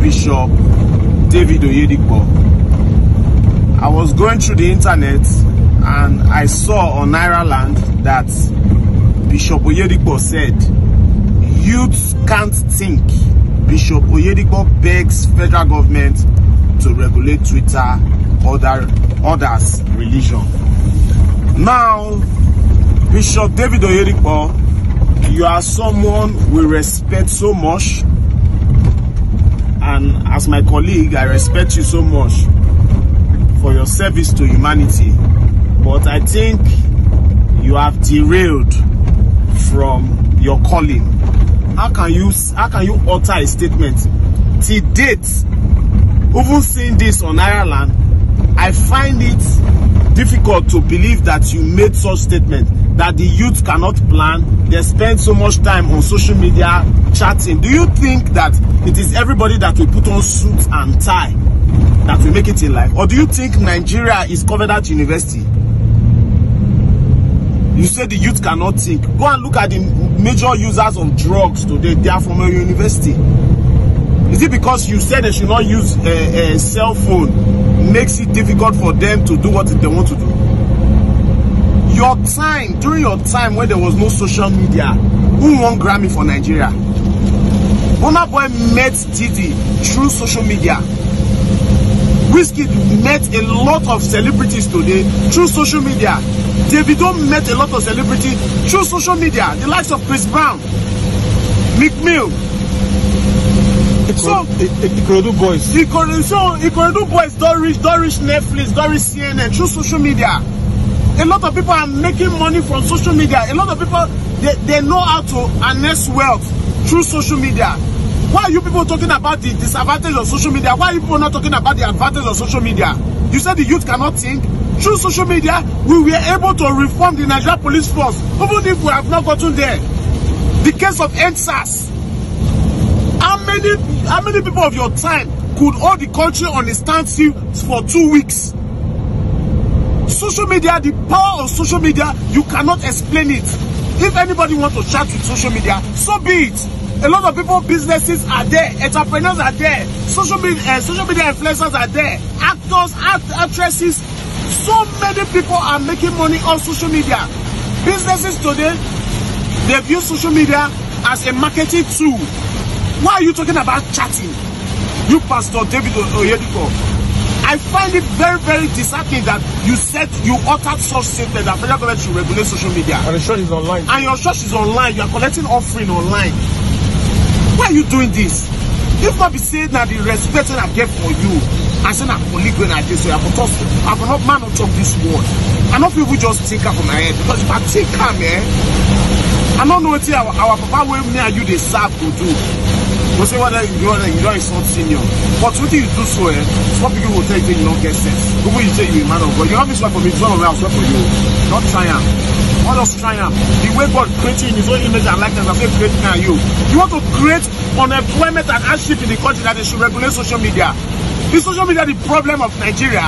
Bishop David Oyedipo. I was going through the internet and I saw on Ireland that Bishop Oyedipo said, youths can't think. Bishop Oyedipo begs federal government to regulate Twitter, other, others' religion. Now, Bishop David Oyedipo, you are someone we respect so much and as my colleague i respect you so much for your service to humanity but i think you have derailed from your calling how can you how can you utter a statement till date even seeing this on ireland i find it difficult to believe that you made such statement that the youth cannot plan they spend so much time on social media chatting do you think that it is everybody that will put on suit and tie that will make it in life or do you think nigeria is covered at university you say the youth cannot think go and look at the major users of drugs today they are from a university is it because you said they should not use a, eh, a eh, cell phone makes it difficult for them to do what they want to do. Your time, during your time when there was no social media, who won Grammy for Nigeria? Burna Boy met Diddy through social media. Whiskey met a lot of celebrities today through social media. Davido met a lot of celebrities through social media. The likes of Chris Brown, Mick Mill, so Ikorodu boys. Ikorodu so Ikorodu boys don reach don reach Netflix don reach CNN through social media. A lot of people are making money from social media. A lot of people they, they know how to harness wealth through social media. Why are you people talking about the disadvantage of social media? Why are you people not talking about the advantage of social media? You said the youth cannot think. Through social media, we were able to reform the Nigeria police force, even if we have not gotten there. The case of NSAS, many how many people of your time could hold the country on a standstill for two weeks? Social media, the power of social media, you cannot explain it. If anybody wants to chat with social media, so be it. A lot of people, businesses are there, entrepreneurs are there, social media, uh, social media influencers are there, actors, act actresses. So many people are making money on social media. Businesses today, they used social media as a marketing tool Why are you talking about chatting? You, Pastor David Oyedepo. I find it very, very disheartening that you said you uttered such statement that federal government should regulate social media. And your church is online. And your church is online. You are collecting offering online. Why are you doing this? If not be saying that the respect I get for you, I say I'm colleague when I dey so I go talk I go not man on top this world. I know people just take up my head because if I take am eh, I no know wetin our our papa wey me and you dey serve go do go say whether you don you don insult senior but wetin you do so eh small pikin go tell you say you no get sense even you say you be man of god you always work for me twelve hours work for you don try am all those try am the way god create you in his own image and likeness na so create me and you you want to create unemployment and hardship in the country that they should regulate social media The social media the problem of nigeria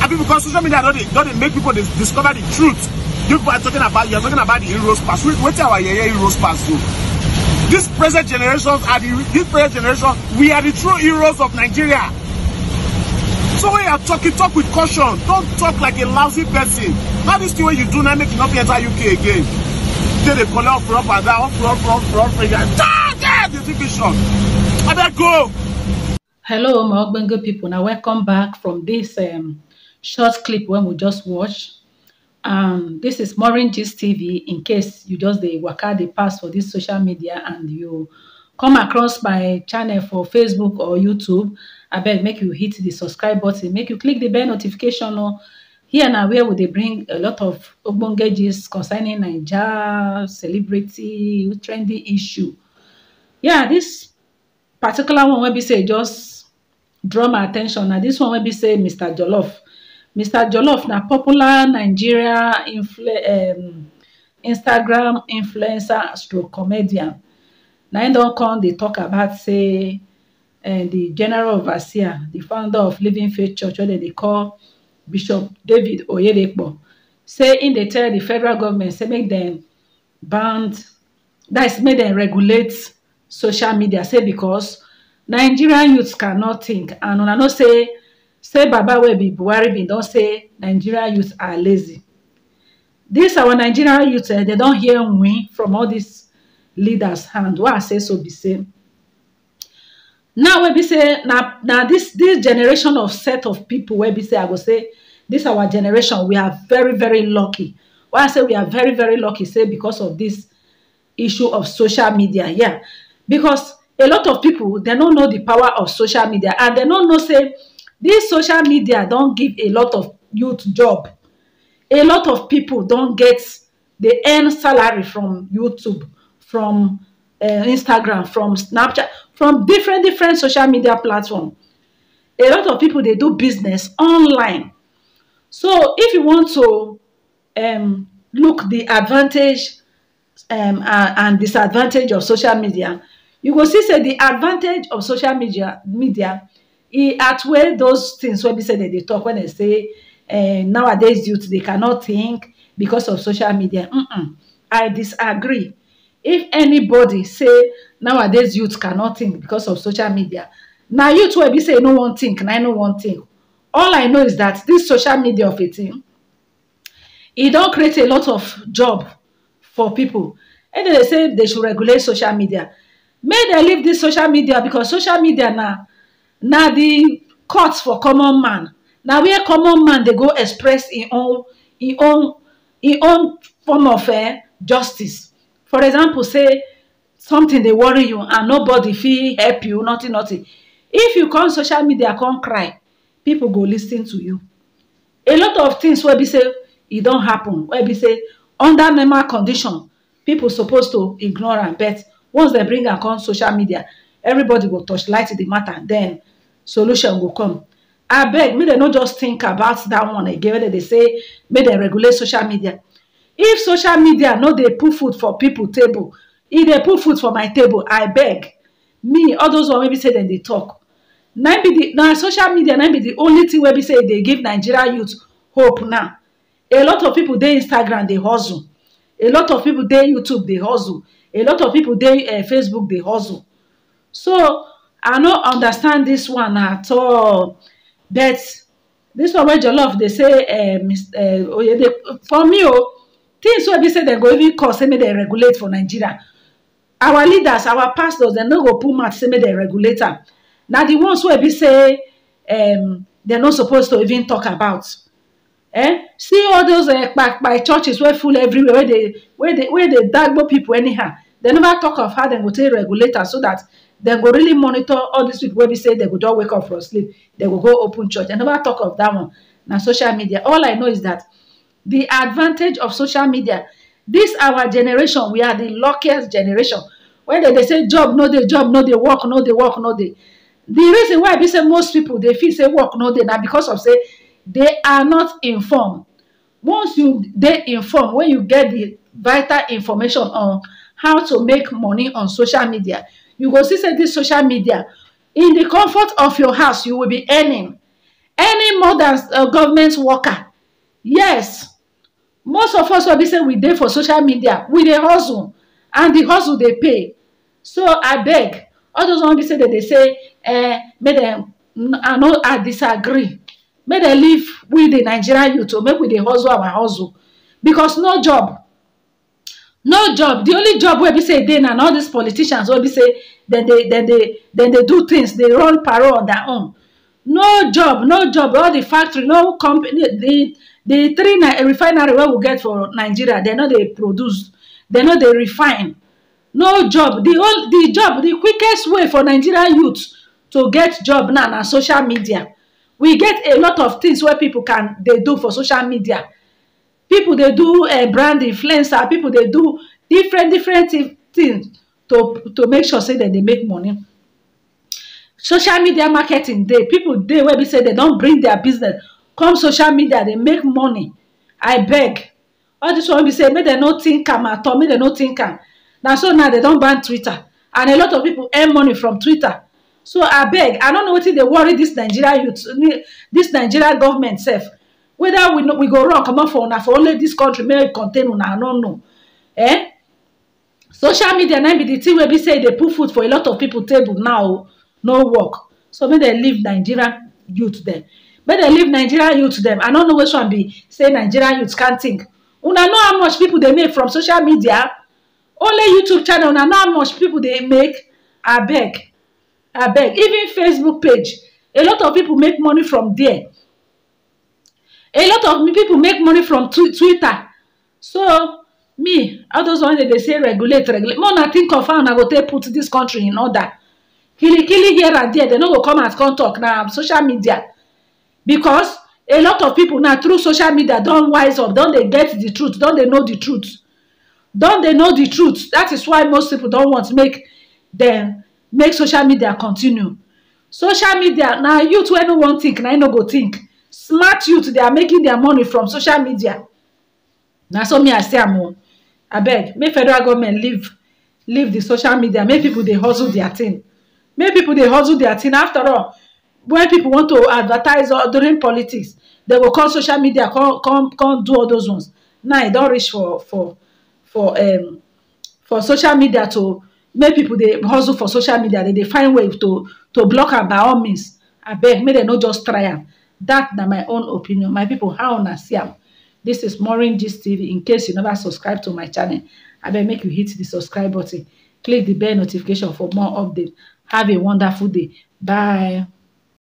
I mean, because social media don dey don dey make people dey discover the truth you people are talking about you are talking about the heroes pass wetin our yeye heroes pass do. These present generations are the this present generation. We are the true heroes of Nigeria. So when you are talking, talk with caution. Don't talk like a lousy person. Now this thing when you do not make you not enter UK again. Then they call off up and down, off, up off, off, off, target ah, the division. And then go. Hello, my people. Now welcome back from this um, short clip when we just watched um, this is Maureen Gist TV in case you just the waka the pass for this social media and you come across my channel for Facebook or YouTube, I beg make you hit the subscribe button, make you click the bell notification or here now where would they bring a lot of open gauges concerning Niger, celebrity, trendy issue. Yeah, this particular one will be say just draw my attention. Now this one will be say Mr. Jollof. mr jollof na popular nigeria influ um, instagram influencer stroke comedian na in don come dey talk about say uh, eh, di general overseer the founder of living faith church wey dem dey call bishop david oyedepo say im dey tell the federal government say make dem ban that is make dem regulate social media say because nigerian youths cannot think and una know say say baba wey be buhari bin don say nigeria youths are lazy This our Nigerian youths eh, dem don hear win from all these leaders hand Why i say so be say now wey be say na this generation of set of people. wey be say i go say this our generation we are very very lucky why i say we are very very lucky say because of this issue of social media yeah because a lot of people dem no know the power of social media and dem no know say This social media don't give a lot of youth job a lot of people don't get the end salary from youtube from eh, instagram from snapchat from different different social media platform a lot of people they do business online so if you want to um, look the advantage um, and disadvantage of social media you will see say the advantage of social media media he, at where those things wey be say they talk when they say uh, nowadays youth they cannot think because of social media mm -mm. i disagree if anybody say nowadays youth cannot think because of social media now youth wey be say no one think and i no one think all i know is that this social media of a thing don't create a lot of job for people and they say they should regulate social media May they leave this social media because social media now. na di court for common man na where common man dey go express im own im own im own form of uh, justice for example say something dey worry you and nobody fit help you nothing nothing if you come social media come cry people go lis ten to you a lot of things wey be say e don happen wey be say under normal condition people suppose to ignore am but once dem bring am come social media everybody go torchlight the matter then solution go come abeg make They not just think about that one again wey dem dey say make dem regulate social media if social media no they put food for people table If e they put food for my table i beg me all those one maybe say dem they talk Now be the na social media Now be the only thing where be say e give nigeria youth hope now a lot of people they instagram they hustle a lot of people they youtube they hustle a lot of people they uh, eh, facebook they hustle so i no understand this one at all but this one wey jollof They say eh, eh, oyede for me o things wey be say they go even call say make dem regulate for nigeria our leaders our pastors they no go pull much say me they regulate am na di ones where be say they're not supposed to even talk about eh see all those by eh, churches where full everywhere where where they they where they dagbo people anyhow They never talk of how they go take regulate so that dem go really monitor all these people wey be say dem go don wake up from sleep dem go go open church i never talk of that one na social media all i know is that the advantage of social media This our generation we are the luckiest generation wen dem dey say job no dey job no dey work no dey work no dey the reason why i be say most people dey feel say work no dey na because of say they are not informed once you dey informed when you get the vital information on how to make money on social media you go see say this social media in the comfort of your house you will be earning earning more than a uh, government worker yes most of us wey be say we dey for social media we dey hustle and the hustle dey pay so abeg all those one be say they dey say eh, make dem i no i disagree make dem leave we the nigerian youth o oh, make we dey hustle our hustle because no job no job The only job wey be say e dey na all these politicians wey be say dem dey do things dey run parole on their own no job no job all the factory no company The the three refinery wey we get for nigeria dem no dey produce dem no dey refine no job The the job The quickest way for nigeria youth to get job now na social media we get a lot of things wey people can dey do for social media people dey do uh, brand influencer people dey do different different things to to make sure say dem dey make money social media marketing dey people dey wey be say dem don bring their business come social media dey make money i beg all this one be say make dem no think am at all make dem no think am na so now dem don ban twitter and a lot of people earn money from twitter so abeg i no know wetin dey worry this nigeria youth dis nigeria government sef whether we we go run comot for una for only this country may contain una i don't know eh social media na be the thing wey be say e dey put food for a lot of people table now no work so make dem leave nigeria youth dem make dem leave nigeria youth dem i no know which one be say nigeria youth can think una know how much people dey make from social media only youtube channel una know how much people dey make abeg abeg even facebook page a lot of people make money from there a lot of people make money from twitter so me all those ones dey say regulate regulate more na think of how una go take put dis country in order kilikili here and there dem no go come as come talk na social media because a lot of people na through social media don wise up don dey get the truth don dey know the truth don dey know the truth that is why most people don want make dem make social media continue social media na youth wey no wan think na im no go think smart youth they are making their money from social media Now, so me i say am I beg, may federal government leave leave the social media make people they hustle their thing make people they hustle their thing after all when people want to advertise or during politics they will call social media come come come do all those ones now e don't reach for for for um, for social media to make people they hustle for social media they they find way to to block am by all means I beg, may they not just try am That na my own opinion my people, how una see am dis is maureen gist tv in case you never subscribe to my channel abeg make you hit the subscribe button click the bell notification for more updates have a wonderful day bye